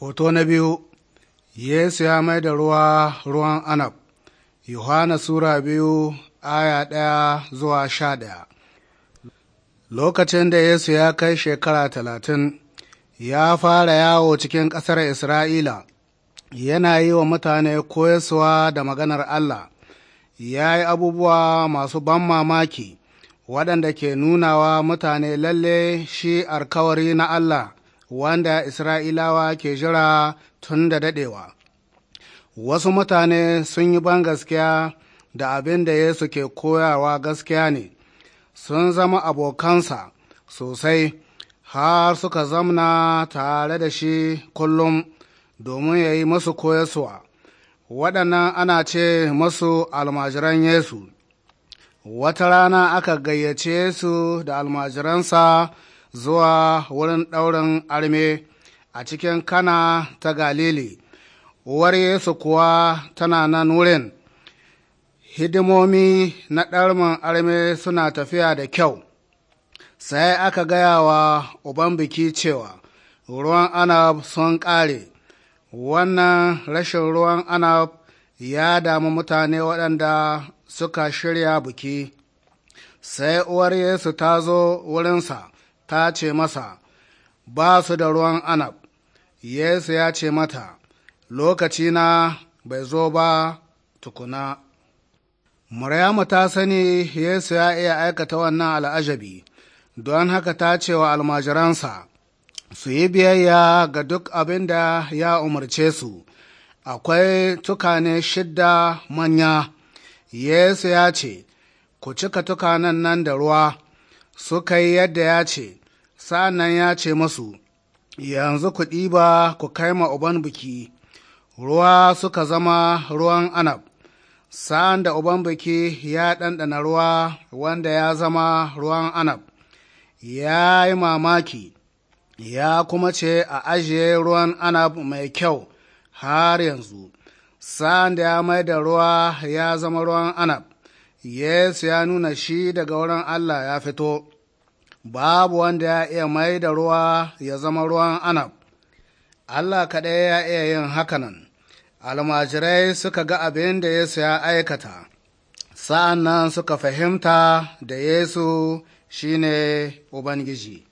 Hoto na biyu Yesu ya mai da ruwa ruwan anab, Yohana Sura biyu aya ɗaya zuwa sha ɗaya. Lokacin da Yesu ya kai shekara talatin, ya fara yawo cikin ƙasar Isra'ila, yana yi wa mutane koyaswa da maganar Allah, ya yi abubuwa masu ban mamaki, waɗanda ke nunawa mutane lalle shi alkawari na Allah. wanda Isra'ilawa ke jira tun da daɗewa. Wasu mutane sun yi ban gaskiya da abin da Yesu ke koyawa gaskiya ne, sun zama abokansa sosai har suka zamna tare da shi kullum domin ya yi masu koyaswa. Waɗannan ana ce masu almajiran Yesu. Wata rana aka gayyace su da almajiransa zuwa wurin ɗaurin arme a cikin kana ta galili uwar yesu kuwa tana nan wurin hidimomi na ɗarmin arme suna tafiya da kyau sai aka gaya wa uban biki cewa ruwan anab sun ƙare wannan rashin ruwan anab ya damu mutane waɗanda suka shirya biki sai uwar yesu ta zo wurinsa ta ce masa, Ba su da ruwan anab, Yesu ya ce mata, lokaci na bai zo ba tukuna. Maryamu ta sani Yesu ya iya aikata wannan al'ajabi, don haka ta ce wa almajiransa, su yi biyayya ga duk abin da ya umarce su, akwai tukane shidda manya, Yesu ya ce, Ku cika tukanen nan da ruwa, suka yi yadda ya ce, sa'an ya ce masu, Yanzu ku ɗiba ku kai ma uban biki, ruwa suka zama ruwan anab, sa'an da uban biki ya ɗanɗana ruwa wanda ya zama ruwan anab, ya yi mamaki, ya kuma ce a ajiye ruwan anab mai kyau har yanzu, sa'an da ya mai da ruwa ya zama ruwan anab, Yesu ya nuna shi daga wurin Allah ya fito. babu wanda ya iya mai da ruwa ya zama ruwan anab allah kaɗai ya iya yin hakanan almajirai suka ga abin da yesu ya aikata sa'an nan suka fahimta da yesu shine ubangiji